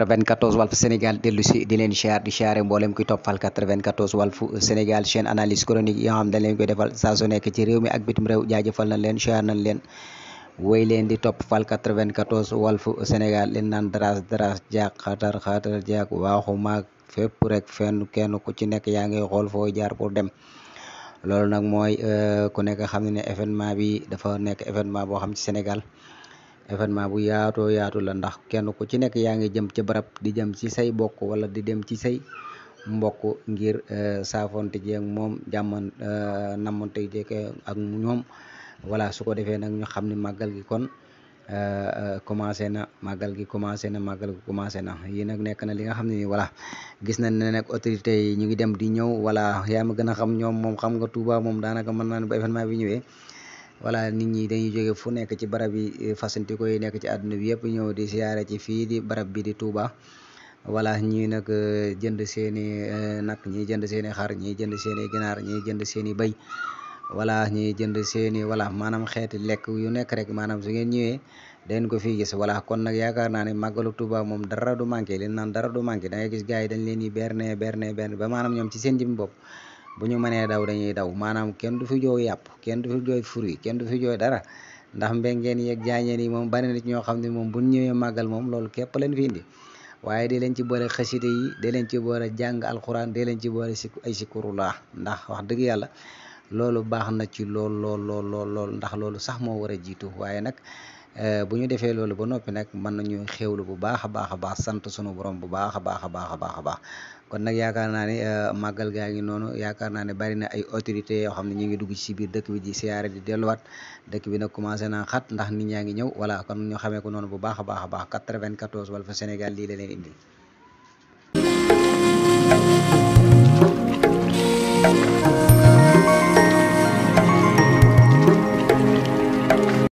94 Walf Sénégal dellu si di leen chair di siyaare mboolem kuy toppal 94 Walf Sénégal chaîne analyse chronique yi nga xam dañ leen koy defal saa nekk ci réew mi ak bitim réew jaajëfal nañ leen siyaar nañ leen woy leen di topp fal 94 Walf Sénégal leen naan daraas daraas jaak xatar xatar jaak waaxu rek fenn kenn ku ci nekk yaa ngi xool foo jaar pour dem loolu nag mooy euh, ku nekk xam ne ne événement bi dafa nekk événement boo xam ci Sénégal événement bu yaatoo yaatu la ndax kenn ku ci nekk yaa ngi jëm ci barab di jëm ci say wala di dem ci say mbokk ngir euh, saafonte jeeg moom jàmman euh, nammonte jeeg ak ñoom voilà su ko defee nag ñu xam ne màggal gi kon Euh, commencé na màggal gi commencé na màggal gi commencé na yi nag nekk na li nga xam ne nii voilà gis nañ ne nag autorité yi ñu ngi dem di ñëw wala yaa ma gën a xam ñoom moom xam nga Touba moom daanaka mën naa ne ba événement bi ñëwee voilà nit ñi dañuy jóge fu nekk ci barab yi eh, fasanti koy nekk ci àdduna bi yëpp ñëw di siyaare ci fii di barab bi di Touba wala ñii nag eh, jënd seeni eh, nag ñii jënd seeni xar ñii jënd seeni ganaar ñii jënd seeni bay wala ñuy jënd seeni wala maanaam xeeti lekk yu nekk rek maanaam su ngeen ñëwee dañ ko fii gis wala kon nag yaakaar naa ne màggalu moom dara du manqué leen naan dara du manqué da ngay gis gars yi dañ leen di berne berne berne ba maanaam ñoom ci seen jëm bopp bu ñu mënee daw dañuy daw maanaam kenn du fi jooy yàpp kenn du fi jooy fruit kenn du fi jooy dara ndax mbengeen yeeg jaañeen yi moom bari na ñoo xam ne moom bu ñëwee màggal moom loolu képp leen fi indi waaye di leen ci boole xasida yi di leen ci boole jàng alxuraan di leen ci boole si ay sikurulaa ndax wax dëgg yàlla loolu baax na ci lool lool lool lool ndax loolu sax moo war a jiitu waaye nag eh, bu ñu defee loolu ba noppi nag mën nañu xéewlu bu baax a baax a baax sant sunu borom bu baax a baax a baax a kon nag yaakaar naa ne eh, màggal gaa ngi noonu yaakaar naa ne bari na ay autorité yoo xam ne ñu ngi dugg ci biir dëkk bi di siyaare di delluwaat dëkk bi na commencé naa xat ndax nit ñaa ngi ñëw voilà kon ñu xamee ko noonu bu baax a baax a baax 94 Walf Sénégal lii la leen indi